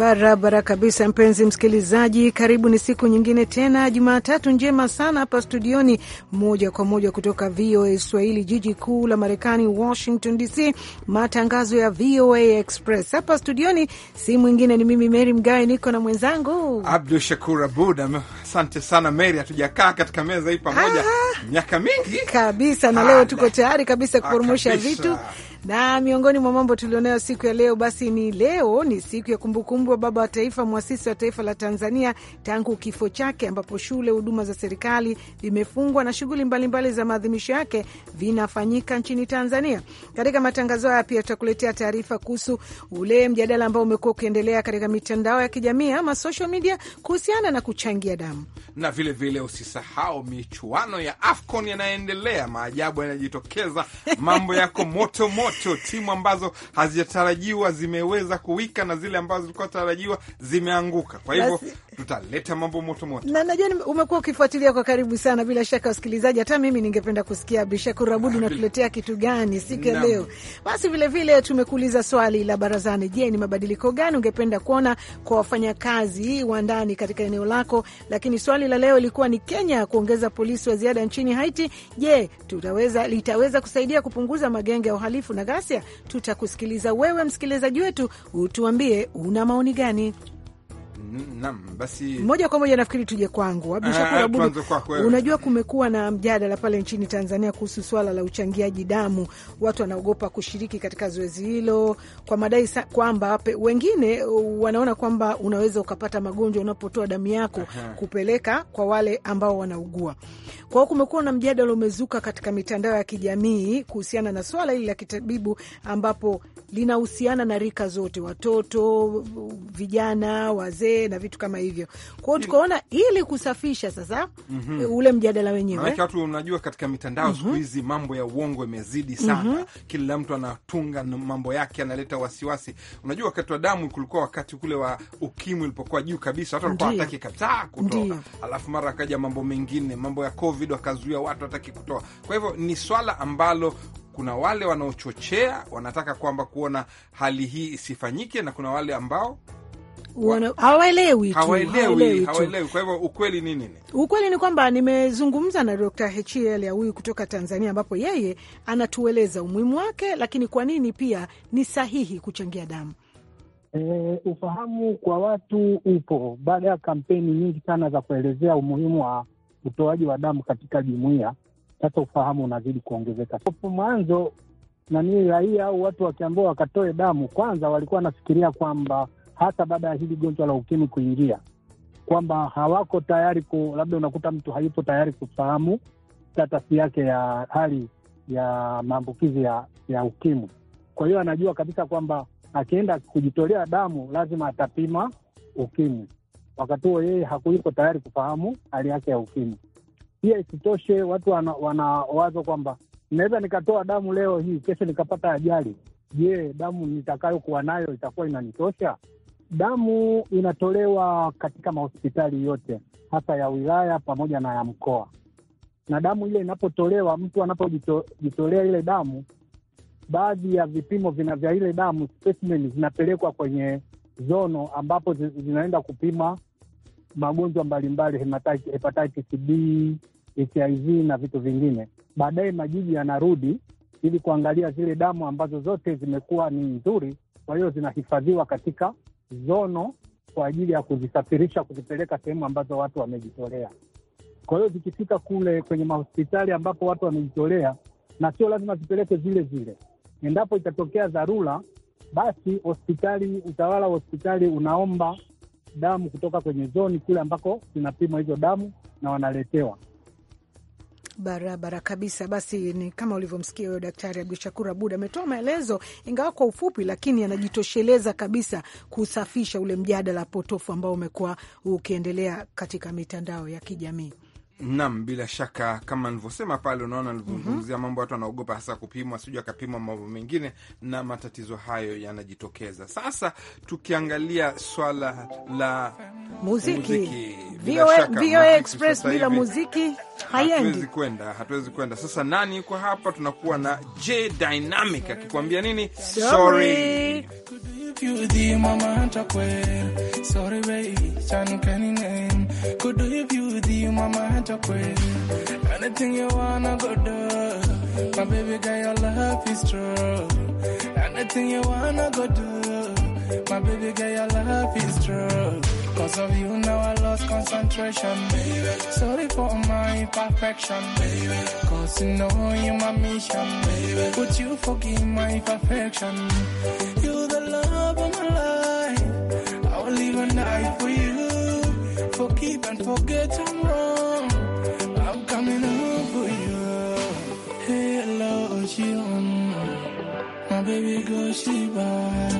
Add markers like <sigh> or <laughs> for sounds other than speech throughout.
Barabara kabisa, mpenzi msikilizaji, karibu. Ni siku nyingine tena, Jumatatu njema sana hapa studioni, moja kwa moja kutoka VOA Swahili, jiji kuu la Marekani, Washington DC, matangazo ya VOA Express. Hapa studioni si mwingine, ni mimi mery Mgawe, niko na mwenzangu Abdu Shakur Abud. Asante sana Meri, hatujakaa katika meza hii pamoja ah, miaka mingi kabisa, na leo tuko ah, tayari kabisa ah, kuporomosha vitu na miongoni mwa mambo tulionayo siku ya leo, basi ni leo ni siku ya kumbukumbu wa baba wa taifa, mwasisi wa taifa la Tanzania tangu kifo chake, ambapo shule, huduma za serikali vimefungwa na shughuli mbalimbali za maadhimisho yake vinafanyika nchini Tanzania. Katika matangazo haya pia tutakuletea taarifa kuhusu ule mjadala ambao umekuwa ukiendelea katika mitandao ya kijamii ama social media kuhusiana na kuchangia damu, na vilevile vile usisahau michuano ya AFCON yanaendelea, maajabu yanajitokeza, mambo yako moto moto moto. Timu ambazo hazijatarajiwa zimeweza kuwika na zile ambazo zilikuwa tarajiwa zimeanguka. Kwa hivyo tutaleta mambo moto moto, na najua umekuwa ukifuatilia kwa karibu sana, bila shaka wasikilizaji, hata mimi ningependa kusikia Abdushakur Abud unatuletea kitu gani siku ya leo. Basi vilevile tumekuuliza swali la barazani, je, ni mabadiliko gani ungependa kuona kwa wafanyakazi wa ndani katika eneo lako? Lakini swali la leo ilikuwa ni Kenya kuongeza polisi wa ziada nchini Haiti, je, tutaweza litaweza kusaidia kupunguza magenge ya uhalifu na ghasia? Tutakusikiliza wewe msikilizaji wetu, utuambie una maoni gani. Naam, basi moja kwa moja nafikiri tuje kwangu Abdu eh, Shakur Abudu. Unajua, kumekuwa na mjadala pale nchini Tanzania kuhusu swala la uchangiaji damu, watu wanaogopa kushiriki katika zoezi hilo kwa madai kwamba wengine wanaona kwamba unaweza ukapata magonjwa unapotoa damu yako Aha. kupeleka kwa wale ambao wanaugua. Kwa hiyo kumekuwa na mjadala umezuka katika mitandao ya kijamii kuhusiana na swala hili la kitabibu, ambapo linahusiana na rika zote, watoto, vijana, wazee wazee na vitu kama hivyo. Kwa hiyo tukaona ili kusafisha sasa mm -hmm. ule mjadala wenyewe, maanake watu unajua, katika mitandao mm -hmm. siku mhm. hizi mambo ya uongo imezidi sana mm -hmm. kila mtu anatunga mambo yake, analeta wasiwasi. Unajua, wakati wa damu kulikuwa wakati kule wa ukimwi ulipokuwa juu kabisa, watu walikuwa hataki kataa kutoa, alafu mara akaja mambo mengine, mambo ya covid wakazuia watu hataki kutoa. Kwa hivyo ni swala ambalo kuna wale wanaochochea wanataka kwamba kuona hali hii isifanyike, na kuna wale ambao hawaelewi hawaelewi Kwa hivyo ukweli ni nini? Ukweli ni kwamba nimezungumza na Dr. Hechiel huyu kutoka Tanzania, ambapo yeye anatueleza umuhimu wake, lakini kwa nini pia ni sahihi kuchangia damu. E, ufahamu kwa watu upo baada ya kampeni nyingi sana za kuelezea umuhimu wa utoaji wa damu katika jumuia Sasa ufahamu unazidi kuongezeka. Mwanzo nani raia au watu wakiambiwa wakatoe damu, kwanza walikuwa wanafikiria kwamba hata baada ya hili gonjwa la ukimwi kuingia, kwamba hawako tayari ku, labda unakuta mtu hayupo tayari kufahamu tatasi yake ya hali ya maambukizi ya, ya ukimwi. Kwa hiyo anajua kabisa kwamba akienda kujitolea damu lazima atapima ukimwi. Wakati huo yeye hakuyuko tayari kufahamu hali yake ya ukimwi. Pia isitoshe, watu wana, wana wazo kwamba naweza nikatoa damu leo hii, kesho nikapata ajali. Je, damu nitakayokuwa nayo itakuwa inanitosha? Damu inatolewa katika mahospitali yote hasa ya wilaya pamoja na ya mkoa, na damu ile inapotolewa, mtu anapojitolea ile damu, baadhi ya vipimo vina vya ile damu specimen zinapelekwa kwenye zono ambapo zinaenda kupima magonjwa mbalimbali, hepatitis B, HIV na vitu vingine. Baadaye majiji yanarudi ili kuangalia zile damu ambazo zote zimekuwa ni nzuri, kwa hiyo zinahifadhiwa katika zono kwa ajili ya kuzisafirisha kuzipeleka sehemu ambazo watu wamejitolea. Kwa hiyo zikifika kule kwenye mahospitali ambapo watu wamejitolea, na sio lazima zipeleke zile zile. Endapo itatokea dharura, basi hospitali, utawala wa hospitali unaomba damu kutoka kwenye zoni kule ambako zinapimwa hizo damu na wanaletewa barabara kabisa. Basi ni kama ulivyomsikia huyo Daktari Abdu Shakur Abud ametoa maelezo, ingawa kwa ufupi, lakini anajitosheleza kabisa kusafisha ule mjadala potofu ambao umekuwa ukiendelea katika mitandao ya kijamii. Nam, bila shaka kama nilivyosema pale, unaona nilivyozungumzia mm -hmm. Mambo watu wanaogopa hasa kupimwa, sijui akapimwa mambo mengine, na matatizo hayo yanajitokeza. Sasa tukiangalia swala la muziki, muziki. VOA Express bila muziki kwenda hatuwezi kwenda. Sasa nani yuko hapa? Tunakuwa na J Dynamic akikuambia nini? Sorry, Sorry. You you the mama way. Sorry, baby, chan can name. Could give you the mama way. Anything you wanna go do. My baby girl, your love is true. Anything you wanna go do. My baby girl, your love is true. Cause of you now I lost concentration. Baby. Sorry for my imperfection. Baby. Cause you know you're my mission. Baby. Would you forgive my imperfection? You're the love of my life. I will live a night for you. Forgive and forget I'm wrong. I'm coming home for you. Hello, Ocean. My baby girl, she bye.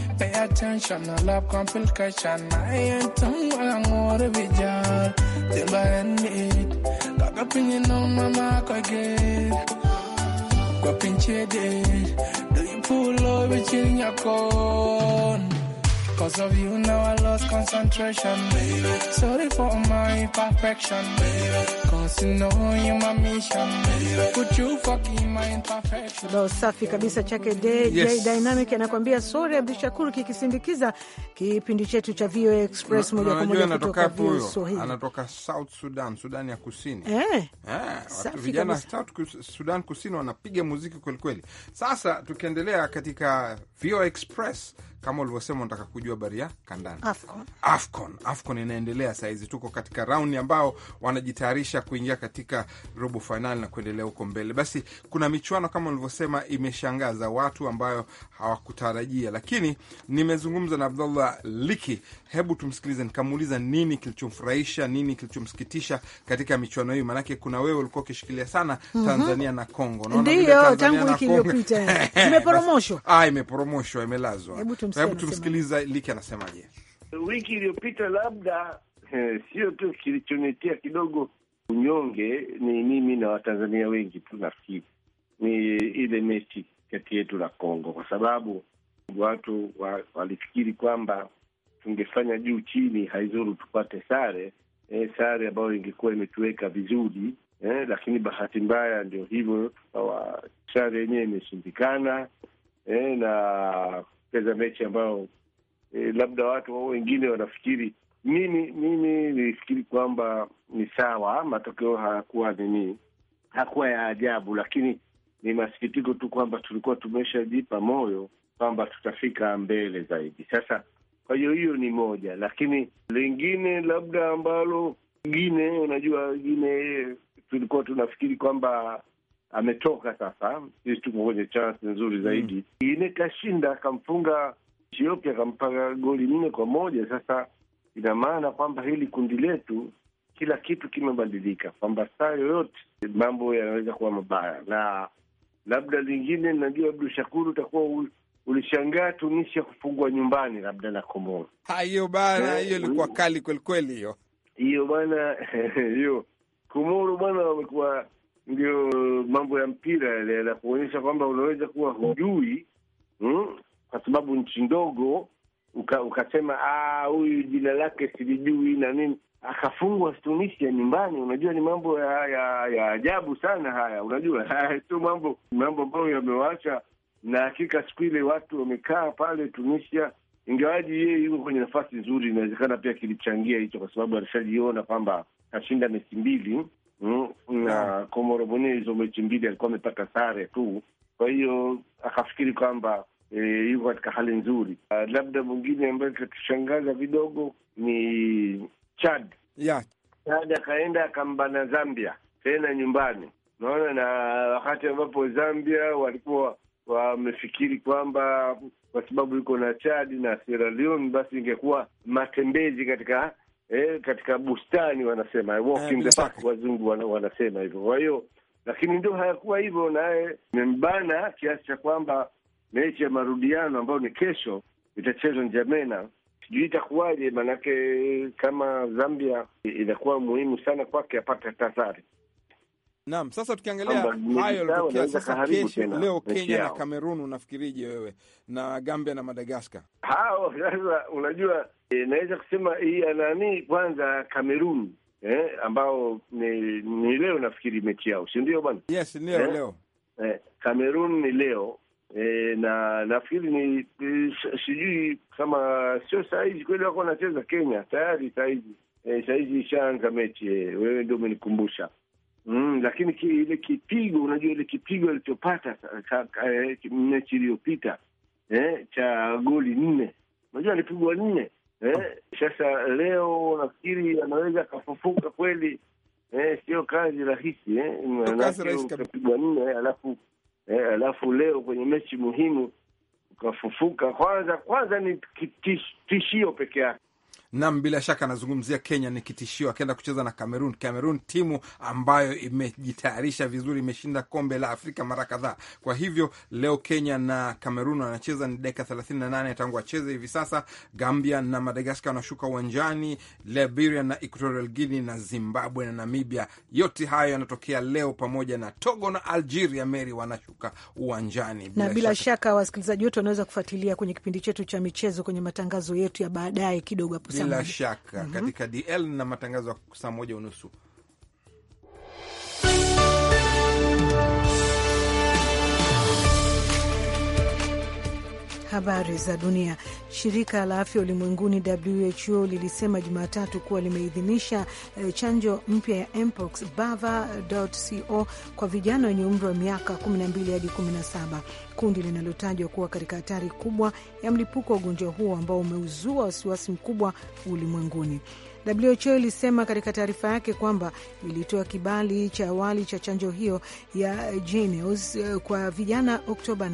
pay attention, I love complication. I ain't talking about I'm a jar. Till I end it, got up in your own mama, again. Got Kwa pinche de, do you pull over in your cone? Cause of you now I lost concentration. Baby. Sorry for my perfection. Baby. Kibao safi kabisa chake DJ yes. Dynamic anakuambia sore Shakur, kikisindikiza kipindi chetu cha VOA Express moja kwa moja kutoka Swahili. Anatoka South Sudan, Sudan ya Kusini eh. Eh, vijana South Sudan Kusini wanapiga muziki kwelikweli. Sasa tukiendelea katika VOA Express kama ulivyosema, unataka kujua habari ya kandanda Afcon. Afcon, Afcon inaendelea sahizi, tuko katika raundi ambao wanajitayarisha kuingia katika robo fainali na kuendelea huko mbele. Basi kuna michuano kama ulivyosema, imeshangaza watu ambayo hawakutarajia, lakini nimezungumza na Abdullah Liki, hebu tumsikilize, nikamuuliza nini kilichomfurahisha, nini kilichomsikitisha katika michuano hii, maanake kuna wewe ulikuwa ukishikilia sana mhm. Tanzania mm -hmm. na Kongo. Naona ndio tangu wiki iliyopita <laughs> imeporomoshwa, ah, imeporomoshwa, imelazwa Hebu tumsikiliza Liki anasemaje. Wiki iliyopita labda eh, sio tu kilichonitia kidogo unyonge ni mimi na Watanzania wengi tu, nafikiri ni ile mechi kati yetu na Kongo, kwa sababu watu wa, walifikiri kwamba tungefanya juu chini, haizuru tupate sare eh, sare ambayo ingekuwa imetuweka vizuri eh, lakini bahati mbaya ndio hivyo, sare yenyewe imeshindikana eh, na kucheza mechi ambayo e, eh, labda watu wao wengine wanafikiri. Mimi mimi nilifikiri kwamba ni sawa, matokeo hayakuwa nini, hakuwa ya ajabu, lakini ni masikitiko tu kwamba tulikuwa tumeshajipa moyo kwamba tutafika mbele zaidi. Sasa kwa hiyo hiyo ni moja, lakini lingine labda ambalo gine, unajua gine eh, tulikuwa tunafikiri kwamba ametoka sasa, sisi tuko kwenye chansi nzuri mm. zaidi. Ine kashinda akamfunga Ethiopia, akampaka goli nne kwa moja. Sasa ina maana kwamba hili kundi letu kila kitu kimebadilika, kwamba saa yoyote mambo yanaweza kuwa mabaya. Na labda lingine, najua Abdu Shakuru utakuwa ulishangaa Tunisia kufungwa nyumbani labda na Komoro. Hiyo bana, hiyo eh, ilikuwa mm. kali kwelikweli, hiyo hiyo bana, <laughs> hiyo Komoro bwana wamekuwa ndio mambo ya mpira yale kuonyesha kwamba unaweza kuwa hujui mm, kwa sababu nchi ndogo uka, ukasema ah, huyu jina lake silijui na nini, akafungwa Tunisia nyumbani. Unajua, ni mambo ya ya, ya ajabu sana haya. Unajua <laughs> sio mambo mambo ambayo yamewacha na hakika siku ile watu wamekaa pale Tunisia, ingawaji yeye yuko kwenye nafasi nzuri, inawezekana pia kilichangia hicho, kwa sababu alishajiona kwamba kashinda mechi mbili Mm, na Komoro mwenyewe hizo mechi mbili alikuwa amepata sare tu, kwa hiyo akafikiri kwamba E, yuko katika hali nzuri. Uh, labda mwingine ambaye katushangaza vidogo ni Chad yeah. Chad akaenda akambana Zambia tena nyumbani, unaona, na wakati ambapo Zambia walikuwa wamefikiri kwamba kwa sababu yuko na Chad na Sierra Leone basi ingekuwa matembezi katika eh, katika bustani wanasema eh, walk eh, the park, wazungu wanasema hivyo. Kwa hiyo lakini ndio hayakuwa hivyo, naye eh, imembana kiasi cha kwamba mechi ya marudiano ambayo ni kesho itachezwa Njamena, sijui itakuwaje, maanake kama Zambia inakuwa muhimu sana kwake apate tahadhari. Naam, sasa tukiangalia hayo yalotokea sasa kesho leo Kenya na Kamerun, unafikirije wewe na Gambia na Madagascar Hao <laughs> sasa unajua e, naweza kusema hii nani kwanza Kamerun eh, ambao ni, ni leo nafikiri mechi yao si ndio bwana? Yes, leo eh? Leo eh, Kamerun ni leo eh, na nafikiri ni e, sijui kama sio sahizi kweli wako wanacheza Kenya tayari sahizi eh, sahizi ishaanza mechi eh, wewe ndio umenikumbusha Mm, lakini ki, ile kipigo unajua ile kipigo alichopata eh, mechi iliyopita eh, cha goli nne unajua alipigwa nne eh. Sasa leo nafikiri anaweza akafufuka kweli eh, sio kazi rahisi eh, nne eh, alafu eh, alafu leo kwenye mechi muhimu ukafufuka, kwanza kwanza ni tishio peke yake. Nam bila shaka anazungumzia Kenya ni kitishio, akienda kucheza na Cameroon. Cameroon timu ambayo imejitayarisha vizuri, imeshinda kombe la Afrika mara kadhaa. Kwa hivyo leo Kenya na Cameroon wanacheza, ni dakika thelathini na nane tangu wacheze hivi sasa. Gambia na Madagaskar wanashuka uwanjani, Liberia na Equatorial Guinea na Zimbabwe na Namibia, yote hayo yanatokea leo, pamoja na Togo na Algeria meri wanashuka uwanjani bila na bila shaka, shaka wasikilizaji wetu wanaweza kufuatilia kwenye kipindi chetu cha michezo kwenye matangazo yetu ya baadaye kidogo hapo bila shaka mm -hmm. katika DL na matangazo ya saa moja unusu Habari za dunia. Shirika la afya ulimwenguni WHO lilisema Jumatatu kuwa limeidhinisha eh, chanjo mpya ya mpox bava.co kwa vijana wenye umri wa miaka 12 hadi 17, kundi linalotajwa kuwa katika hatari kubwa ya mlipuko wa ugonjwa huo ambao umeuzua wasiwasi mkubwa ulimwenguni. WHO ilisema katika taarifa yake kwamba ilitoa kibali cha awali cha chanjo hiyo ya JYNNEOS eh, kwa vijana Oktoba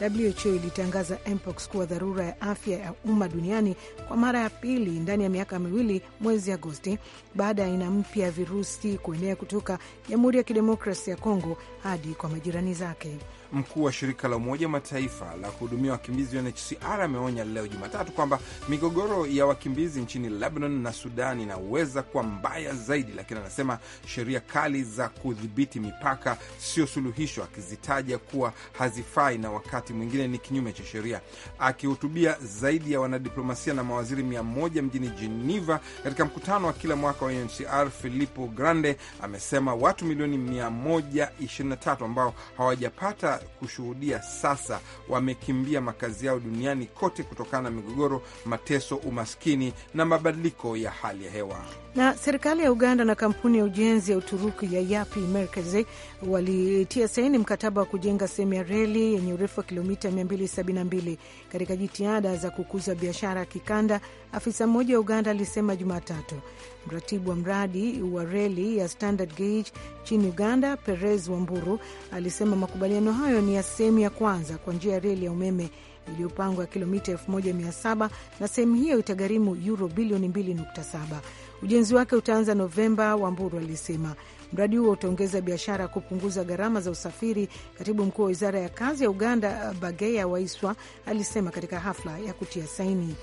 8. WHO ilitangaza mpox kuwa dharura ya afya ya umma duniani kwa mara ya pili ndani ya miaka miwili mwezi Agosti, baada ya aina mpya ya virusi kuenea kutoka Jamhuri ya Kidemokrasi ya Kongo hadi kwa majirani zake. Mkuu wa shirika la Umoja Mataifa la kuhudumia wakimbizi UNHCR ameonya leo Jumatatu kwamba migogoro ya wakimbizi nchini Lebanon na Sudan inaweza kuwa mbaya zaidi, lakini anasema sheria kali za kudhibiti mipaka sio suluhisho, akizitaja kuwa hazifai na wakati mwingine ni kinyume cha sheria. Akihutubia zaidi ya wanadiplomasia na mawaziri mia moja mjini Geneva katika mkutano wa kila mwaka wa UNHCR, Filippo Grande amesema watu milioni 123 ambao hawajapata kushuhudia sasa wamekimbia makazi yao duniani kote kutokana na migogoro, mateso, umaskini na mabadiliko ya hali ya hewa. Na serikali ya Uganda na kampuni ya ujenzi ya Uturuki ya Yapi Merkezi walitia saini mkataba wa kujenga sehemu ya reli yenye urefu wa kilomita 272 katika jitihada za kukuza biashara ya kikanda, afisa mmoja wa Uganda alisema Jumatatu. Mratibu wa mradi wa reli ya standard gauge nchini Uganda, Perez Wamburu, alisema makubaliano hayo ni ya sehemu ya kwanza kwa njia ya reli ya umeme iliyopangwa ya kilomita 1700 na sehemu hiyo itagharimu yuro bilioni 2.7. Ujenzi wake utaanza Novemba, Wamburu alisema. Mradi huo utaongeza biashara, kupunguza gharama za usafiri. Katibu mkuu wa wizara ya kazi ya Uganda, Bageya Waiswa, alisema katika hafla ya kutia saini.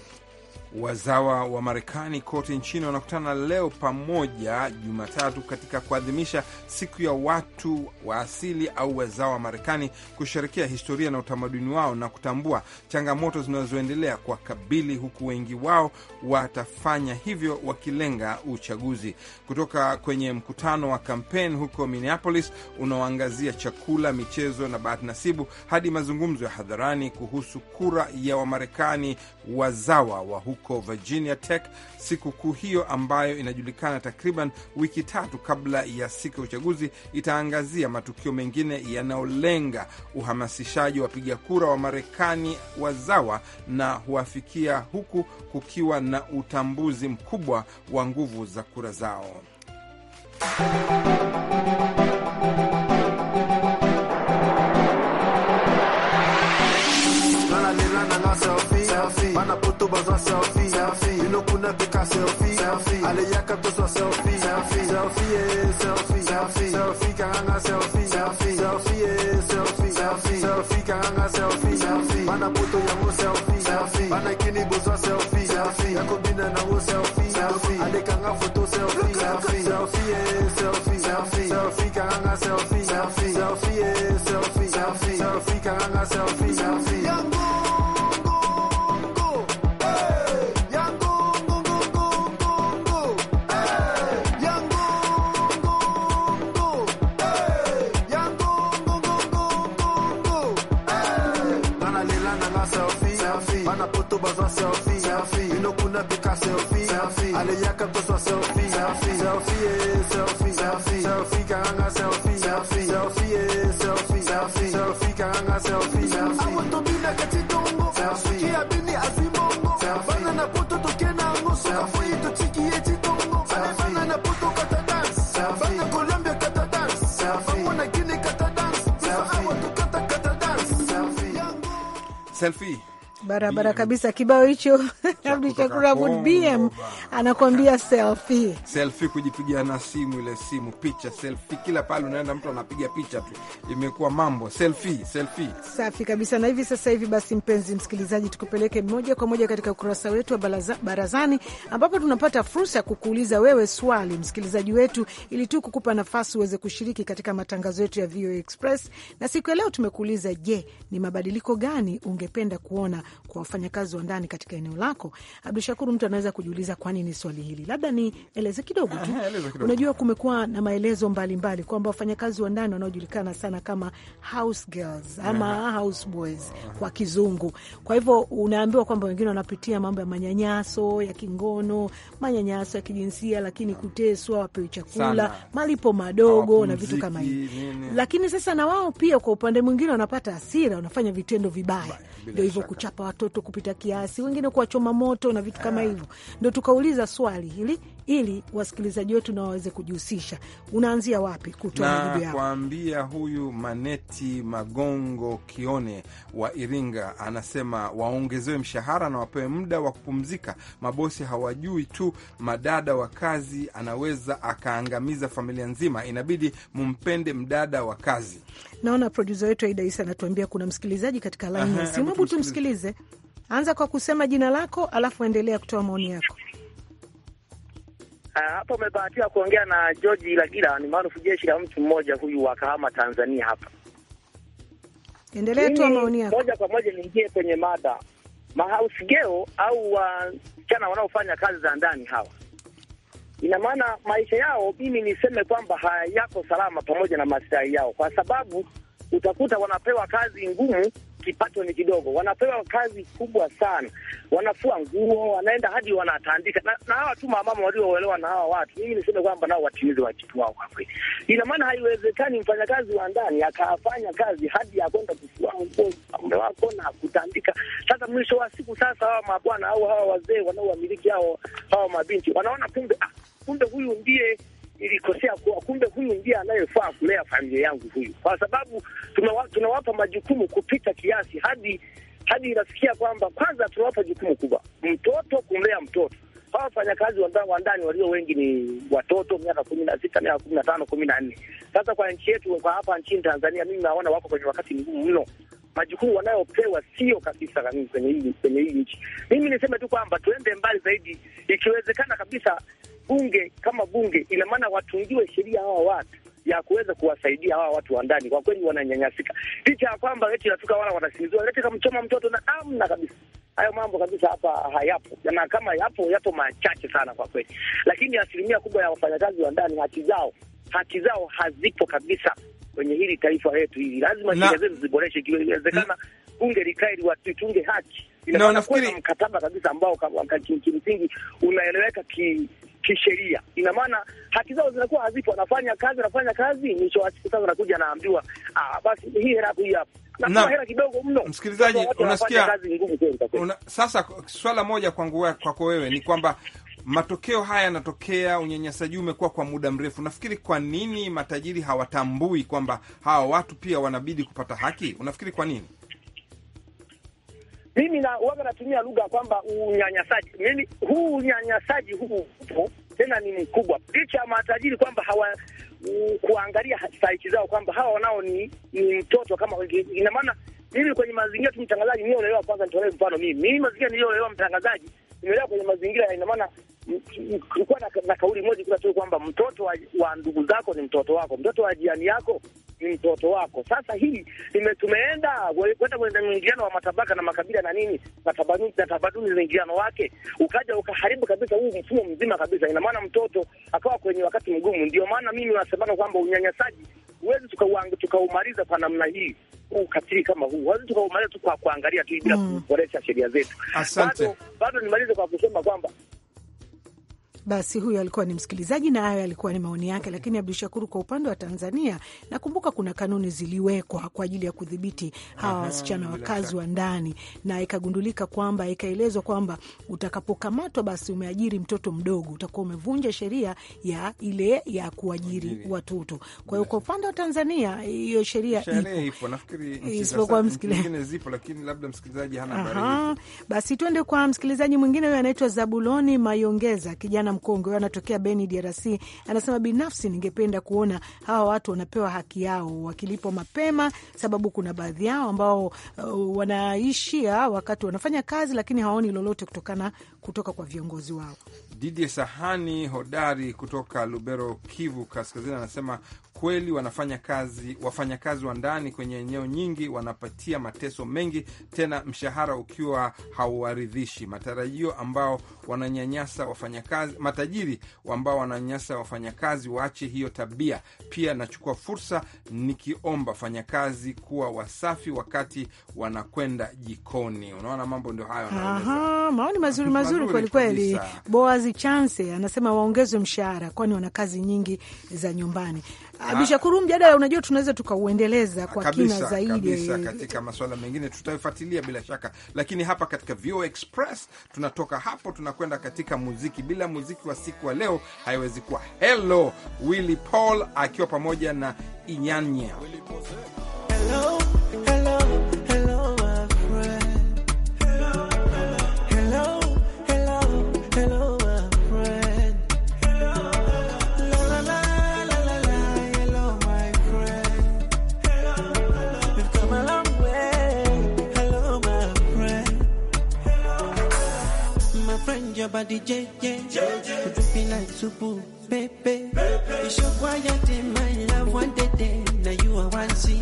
Wazawa wa Marekani kote nchini wanakutana leo pamoja Jumatatu katika kuadhimisha siku ya watu wa asili au wazawa wa Marekani, kusherekea historia na utamaduni wao na kutambua changamoto zinazoendelea kwa kabili huku wengi wao watafanya hivyo wakilenga uchaguzi. Kutoka kwenye mkutano wa kampeni huko Minneapolis unaoangazia chakula, michezo na bahati nasibu hadi mazungumzo ya hadharani kuhusu kura ya Wamarekani wazawa wa huko huko Virginia Tech sikukuu hiyo ambayo inajulikana takriban wiki tatu kabla ya siku ya uchaguzi itaangazia matukio mengine yanayolenga uhamasishaji wa wapiga kura wa Marekani wazawa na huwafikia, huku kukiwa na utambuzi mkubwa wa nguvu za kura zao. wanapoto bazwa selfie, selfie. You know kuna pika selfie, selfie. Aliyaka toswa selfie, selfie. Selfie selfie, selfie. Selfie kahanga selfie, selfie. Selfie eh, selfie, selfie. Selfie kahanga selfie, selfie. Wanapoto yango selfie, selfie. Wanakini bozwa selfie, selfie. Yako bina na wo selfie, selfie. kanga foto selfie, selfie. Selfie eh, selfie, selfie. Selfie kahanga selfie, selfie. Selfie eh, selfie, selfie. Kanga selfie, selfie. 14 selfie, selfie, selfie, selfie, selfie, selfie, caranga, selfie, selfie, selfie, selfie, selfie, selfie, caranga, selfie, selfie. selfie, azimongo, bana na poto ngo, bana na poto kata dance, bana Colombia kata dance, bana na Guinea kata dance, kata dance, selfie. Selfie. barabara kabisa. Kibao hicho labda cha <laughs> Rawood BM anakuambia selfie, selfie, na simu, ile simu picha, selfie kila pale unaenda, mtu anapiga picha tu, imekuwa mambo selfie, selfie. Safi kabisa. Na hivi sasa hivi basi, mpenzi msikilizaji, tukupeleke moja kwa moja katika ukurasa wetu wa barazani, ambapo tunapata fursa ya kukuuliza wewe swali, msikilizaji wetu, ili tu kukupa nafasi uweze kushiriki katika matangazo yetu ya VOA Express. Na siku ya leo tumekuuliza, je, ni mabadiliko gani ungependa kuona kwa wafanyakazi wa ndani katika eneo lako. Abdu Shakuru, mtu anaweza kujiuliza kwa nini swali hili, labda ni eleze kidogo tu. <laughs> Unajua, kumekuwa na maelezo mbalimbali kwamba wafanyakazi wa ndani wanaojulikana sana kama house girls ama house boys kwa kizungu. Kwa hivyo unaambiwa kwamba wengine wanapitia mambo ya manyanyaso ya kingono, manyanyaso ya kijinsia, lakini kuteswa, wapewe chakula sana, malipo madogo Awa, na vitu kama hivi. Lakini sasa na wao pia kwa upande mwingine wanapata hasira, wanafanya vitendo vibaya, ndio hivyo kuchapa kuwapa watoto kupita kiasi, wengine kuwachoma moto na vitu kama ah. hivyo. Ndo tukauliza swali hili ili wasikilizaji wetu na waweze kujihusisha. Unaanzia wapi kutoa majibu Kuambia huyu Maneti Magongo Kione wa Iringa anasema waongezewe mshahara na wapewe muda wa kupumzika. Mabosi hawajui tu, madada wa kazi anaweza akaangamiza familia nzima. Inabidi mumpende mdada wa kazi. Naona produsa wetu Aida Isa anatuambia kuna msikilizaji katika laini ya simu. Hebu tumsikilize. Anza kwa kusema jina lako, alafu endelea kutoa maoni yako. Ah, hapa umebahatia kuongea na George Ilagila, ni maarufu jeshi la mtu mmoja huyu wa Kahama, Tanzania. Hapa endelea tu maoni yako moja kwa moja, niingie kwenye mada mahausgeo au wasichana uh, wanaofanya kazi za ndani hawa, ina maana maisha yao, mimi niseme kwamba hayako salama, pamoja na maslahi yao, kwa sababu utakuta wanapewa kazi ngumu kipato ni kidogo, wanapewa kazi kubwa sana, wanafua nguo, wanaenda hadi wanatandika. Na, na hawa tu mamama walioelewa na hawa watu, mimi niseme kwamba nao watimize wajibu wao kwa kweli. Ina maana haiwezekani mfanyakazi wa ndani akafanya kazi hadi ya kwenda kufua nguo mume wako na kutandika. Sasa mwisho wa siku, sasa hawa mabwana au hawa wazee wanaowamiliki hao hawa mabinti wanaona kumbe, ah, kumbe huyu ndiye nilikosea kuwa kumbe huyu ndiye anayefaa kulea familia yangu huyu, kwa sababu tunawapa majukumu kupita kiasi, hadi hadi inafikia kwamba kwanza tunawapa jukumu kubwa mtoto, kumlea mtoto. Hawa wafanyakazi wa ndani walio wengi ni watoto miaka kumi na sita miaka kumi na tano kumi na nne Sasa kwa nchi yetu, kwa hapa nchini Tanzania, mimi naona wako kwenye wakati mgumu mno majukumu wanayopewa sio kabisa kwenye hii nchi. Mimi niseme tu kwamba tuende mbali zaidi, ikiwezekana kabisa bunge kama bunge, ina maana watungiwe sheria hawa watu ya kuweza kuwasaidia hawa watu wa ndani. Kwa kweli wananyanyasika, licha ya kwamba eti nafika wala wanasingiziwa eti kamchoma mtoto na amna kabisa. Hayo mambo kabisa hapa hayapo, na kama yapo yapo machache sana kwa kweli, lakini asilimia kubwa ya wafanyakazi wa ndani haki zao haki zao hazipo kabisa kwenye hili taifa letu hili. Lazima sheria zetu ziboreshe, ikiwezekana bunge likae liwatunge haki. Inakuwa na mkataba kabisa ambao kimsingi unaeleweka ki kisheria. Ina maana haki zao zinakuwa hazipo, anafanya kazi, anafanya kazi, mwisho wa siku sasa anakuja anaambiwa, ah, basi hii hela hii hapa na hela kidogo mno. Msikilizaji, unasikia kazi ngumu una, sasa swala moja kwangu kwako wewe ni kwamba matokeo haya yanatokea, unyanyasaji umekuwa kwa muda mrefu. Nafikiri kwa nini matajiri hawatambui kwamba hawa watu pia wanabidi kupata haki? Unafikiri kwa nini? mimi na waga natumia lugha kwamba unyanyasaji, mimi huu unyanyasaji huu upo tena ni mkubwa, licha ya matajiri kwamba hawa kuangalia saiki zao kwamba hawa wanao ni, ni mtoto kama ina maana mimi kwenye mazingira tu mtangazaji nilioelewa, kwanza nitolee mfano mimi mimi mazingira nilioelewa mtangazaji nimeelewa kwenye mazingira, ina maana kulikuwa na, na kauli moja kuna tu kwamba mtoto wa, wa ndugu zako ni mtoto wako, mtoto wa jirani yako ni mtoto wako. Sasa hii tumeenda kwenda kwenye mwingiliano wa matabaka na makabila na nini na tamaduni za mwingiliano wake, ukaja ukaharibu kabisa huu mfumo mzima kabisa. Ina maana mtoto akawa kwenye wakati mgumu. Ndio maana mimi nasemaka kwamba unyanyasaji huwezi tukaumaliza kwa namna hii ukatili kama huu, huwezi tukaumaliza tu kwa kuangalia tu bila mm. kuboresha sheria zetu. Asante. Bado nimalize kwa kusema kwamba basi huyo alikuwa ni msikilizaji na hayo alikuwa ni maoni yake. Lakini Abdu Shakuru, kwa upande wa Tanzania nakumbuka kuna kanuni ziliwekwa kwa ajili ya kudhibiti hawa wasichana wakazi wa ndani, na ikagundulika kwamba, ikaelezwa kwamba utakapokamatwa, basi umeajiri mtoto mdogo, utakuwa umevunja sheria ya ile ya kuajiri watoto. Kwa hiyo kwa upande wa Tanzania hiyo sheria ipo, isipokuwa msikilizaji. Basi tuende kwa msikilizaji mwingine, huyo anaitwa Zabuloni Mayongeza, kijana mkongwe anatokea Beni, DRC, anasema binafsi ningependa kuona hawa watu wanapewa haki yao wakilipwa mapema, sababu kuna baadhi yao ambao uh, wanaishia wakati wanafanya kazi, lakini hawaoni lolote kutokana kutoka kwa viongozi wao. Didi Sahani hodari kutoka Lubero, Kivu Kaskazini, anasema kweli wanafanya kazi, wafanyakazi wa ndani kwenye eneo nyingi wanapatia mateso mengi, tena mshahara ukiwa hauwaridhishi matarajio, ambao wananyanyasa wafanyakazi, matajiri ambao wananyanyasa wafanyakazi waache hiyo tabia. Pia nachukua fursa nikiomba fanyakazi kuwa wasafi wakati wanakwenda jikoni. Unaona, mambo ndio hayo. Maoni mazuri mazuri kwelikweli. Boazi Chance anasema waongezwe mshahara, kwani wana kazi nyingi za nyumbani. Abishakuru, mjadala unajua tunaweza tukauendeleza kwa kina zaidi kabisa, katika masuala mengine tutaefuatilia bila shaka, lakini hapa katika Vio Express tunatoka hapo tunakwenda katika muziki. Bila muziki wa siku wa leo haiwezi kuwa. Hello Willy Paul akiwa pamoja na Inyanya. Hello, hello. body J, yeah. You dripping like You love one Now you one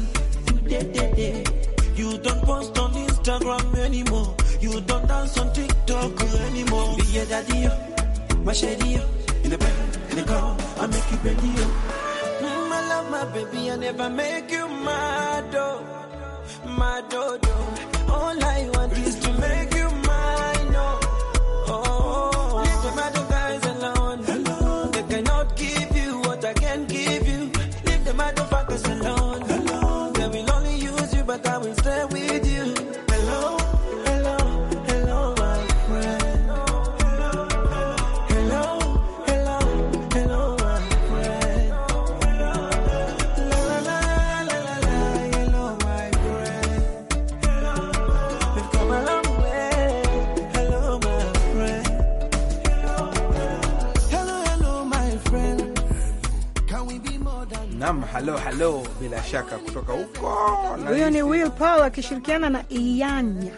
You don't post on Instagram anymore. You don't dance on TikTok anymore. yo. my yo. in the bed, in the car, I make you baby. Yo. Mm, I love my baby, I never make you mad, oh, mad, oh, oh. All I want Hello bila shaka kutoka huko. Huyo ni Will Paul akishirikiana na Iyanya,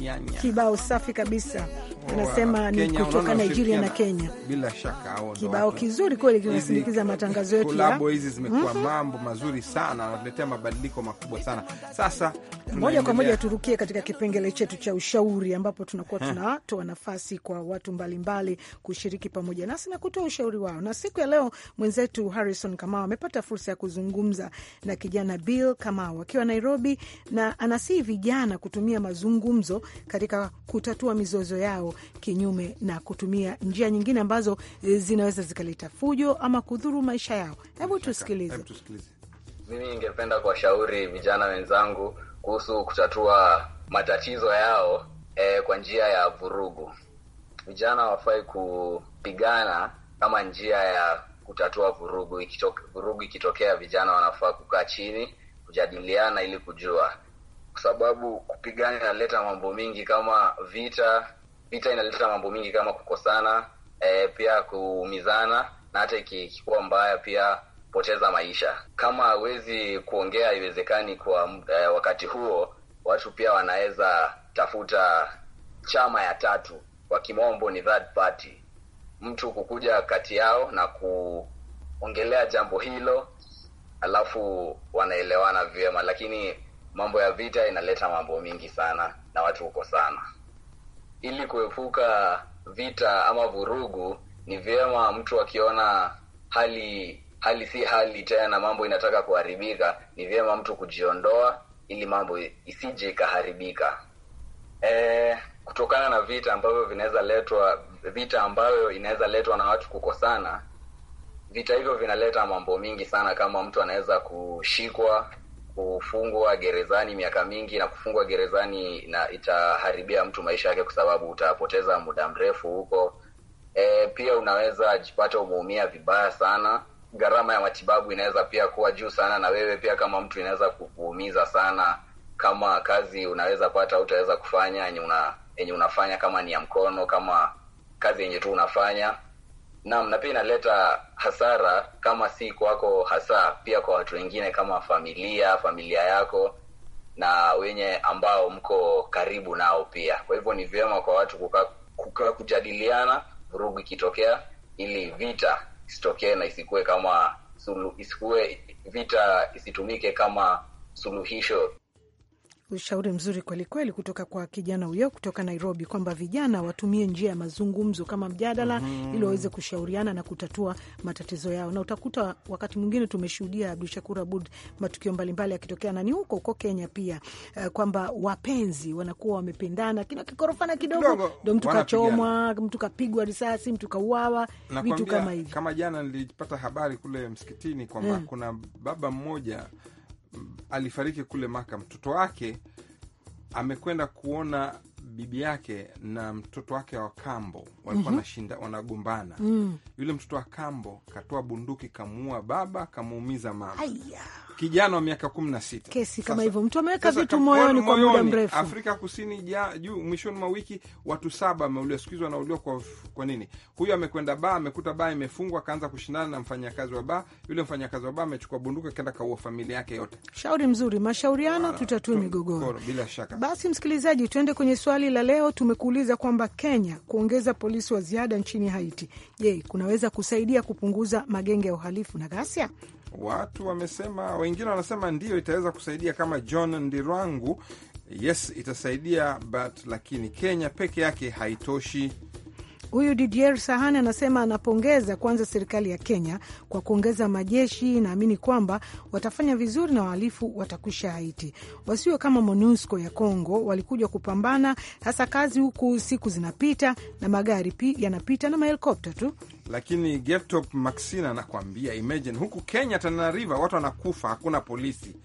Iyanya. Kibao safi kabisa anasema ni kutoka Nigeria na Kenya. Bila shaka hao ndio kibao kizuri kweli, kinasindikiza matangazo yetu. Kolabo hizi zimekuwa mhm. mambo mazuri sana, anatuletea mabadiliko makubwa sana. Sasa moja kwa moja turukie katika kipengele chetu cha ushauri, ambapo tunakuwa tunatoa nafasi kwa watu mbalimbali mbali kushiriki pamoja nasi na kutoa ushauri wao, na siku ya leo mwenzetu Harrison Kamau amepata fursa ya kuzungumza na kijana Bill Kamau akiwa Nairobi, na anasihi vijana kutumia mazungumzo katika kutatua mizozo yao kinyume na kutumia njia nyingine ambazo eh, zinaweza zikaleta fujo ama kudhuru maisha yao. Hebu tusikilize. Mimi ningependa kuwashauri vijana wenzangu kuhusu kutatua matatizo yao e, kwa njia ya vurugu. Vijana wafai kupigana kama njia ya kutatua vurugu. Ikitoke, vurugu ikitokea, vijana wanafaa kukaa chini kujadiliana ili kujua, kwa sababu kupigana inaleta mambo mingi kama vita, vita inaleta mambo mingi kama kukosana, e, pia kuumizana na hata ikikuwa mbaya pia poteza maisha. Kama awezi kuongea, haiwezekani kwa e, wakati huo, watu pia wanaweza tafuta chama ya tatu, kwa kimombo ni third party, mtu kukuja kati yao na kuongelea jambo hilo, alafu wanaelewana vyema, lakini mambo ya vita inaleta mambo mingi sana na watu huko sana ili kuepuka vita ama vurugu, ni vyema mtu akiona hali hali si hali tena, mambo inataka kuharibika, ni vyema mtu kujiondoa ili mambo isije ikaharibika. E, kutokana na vita ambavyo vinaweza letwa, vita ambayo inaweza letwa na watu kukosana, vita hivyo vinaleta mambo mingi sana, kama mtu anaweza kushikwa kufungwa gerezani miaka mingi na kufungwa gerezani na itaharibia mtu maisha yake, kwa sababu utapoteza muda mrefu huko. E, pia unaweza jipata umeumia vibaya sana. Gharama ya matibabu inaweza pia kuwa juu sana, na wewe pia kama mtu inaweza kukuumiza sana. Kama kazi unaweza pata, utaweza kufanya yenye una, unafanya kama ni ya mkono, kama kazi yenye tu unafanya Naam, na pia inaleta hasara kama si kwako hasa, pia kwa watu wengine kama familia, familia yako na wenye ambao mko karibu nao pia. Kwa hivyo ni vyema kwa watu kukaa kuka, kujadiliana vurugu ikitokea, ili vita isitokee na isikuwe kama sulu, isikuwe vita isitumike kama suluhisho ushauri mzuri kwelikweli kutoka kwa kijana huyo kutoka Nairobi kwamba vijana watumie njia ya mazungumzo kama mjadala mm -hmm. ili waweze kushauriana na kutatua matatizo yao, na utakuta wakati mwingine tumeshuhudia Abdu Shakur Abud matukio mbalimbali yakitokea na ni huko huko Kenya pia uh, kwamba wapenzi wanakuwa wamependana kina kikorofana kidogo, ndo mtu kachomwa, mtu kapigwa risasi, mtu kauawa, vitu kama hivi. Kama jana nilipata habari kule msikitini kwamba mm. kuna baba mmoja alifariki kule Maka. Mtoto wake amekwenda kuona bibi yake na mtoto wake wa kambo walikuwa mhm. wanashinda mm -hmm. wanagombana mm. Yule mtoto wa kambo katoa bunduki, kamuua baba, kamuumiza mama Aya kijana wa miaka kumi na sita. Kesi kama hivyo, mtu ameweka vitu moyoni kwa muda mrefu. Afrika Kusini juu mwishoni mwa wiki watu saba wameuliwa, siku hizi wanauliwa kwa, kwa nini? Huyu amekwenda baa, amekuta baa imefungwa, akaanza kushindana na mfanyakazi wa baa. Yule mfanyakazi wa baa amechukua bunduki, akaenda kaua familia yake yote. Shauri mzuri, mashauriano ah, tutatue migogoro bila shaka. Basi msikilizaji, tuende kwenye swali la leo. Tumekuuliza kwamba Kenya kuongeza polisi wa ziada nchini Haiti, je, kunaweza kusaidia kupunguza magenge ya uhalifu na ghasia? watu wamesema, wengine wanasema ndio itaweza kusaidia kama John Ndirangu, yes itasaidia but, lakini Kenya peke yake haitoshi. Huyu Didier Sahani anasema anapongeza kwanza serikali ya Kenya kwa kuongeza majeshi. Naamini kwamba watafanya vizuri na wahalifu watakwisha Haiti, wasiwe kama MONUSCO ya Congo walikuja kupambana. hasa kazi huku, siku zinapita na magari pi yanapita na mahelikopta tu. Lakini Getop Maxina anakuambia imagine, huku Kenya tanariva watu wanakufa, hakuna polisi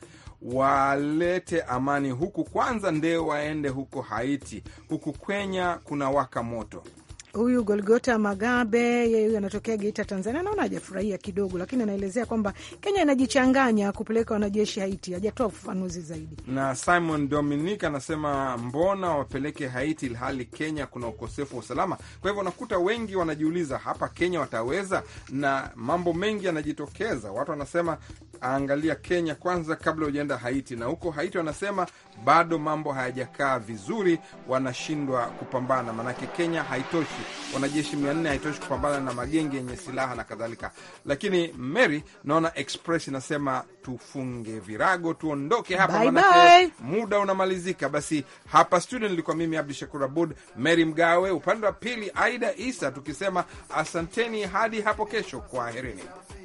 walete amani huku kwanza, nde waende huko Haiti. Huku Kenya kuna waka moto Huyu Golgota Magabe, yeye anatokea Geita, Tanzania, naona hajafurahia kidogo, lakini anaelezea kwamba Kenya inajichanganya kupeleka wanajeshi Haiti. Hajatoa ufafanuzi zaidi. Na Simon Dominic anasema mbona wapeleke Haiti ilhali Kenya kuna ukosefu wa usalama? Kwa hivyo unakuta wengi wanajiuliza hapa Kenya wataweza, na mambo mengi yanajitokeza. Watu wanasema angalia Kenya kwanza kabla hujaenda Haiti, na huko Haiti wanasema bado mambo hayajakaa vizuri, wanashindwa kupambana, maanake Kenya haitoshi wanajeshi mia nne haitoshi kupambana na magenge yenye silaha na kadhalika. Lakini Mary, naona Express inasema tufunge virago tuondoke hapa, bye manake bye. Muda unamalizika. Basi hapa studio nilikuwa mimi Abdu Shakur Abud, Mary Mgawe upande wa pili, Aida Isa, tukisema asanteni hadi hapo kesho, kwaherini.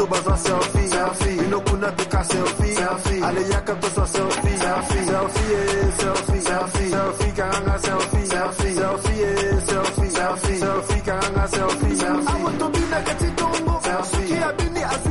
to besoin selfie. selfie. Ino know, kuna to selfie. selfie. Allez, y'a comme toi, selfie. selfie. Selfie, selfie. Selfie, selfie, Kanga selfie. Selfie, selfie, selfie. Selfie, selfie, Kanga selfie. selfie. I want to be like a titongo. Selfie. Suki abini, asi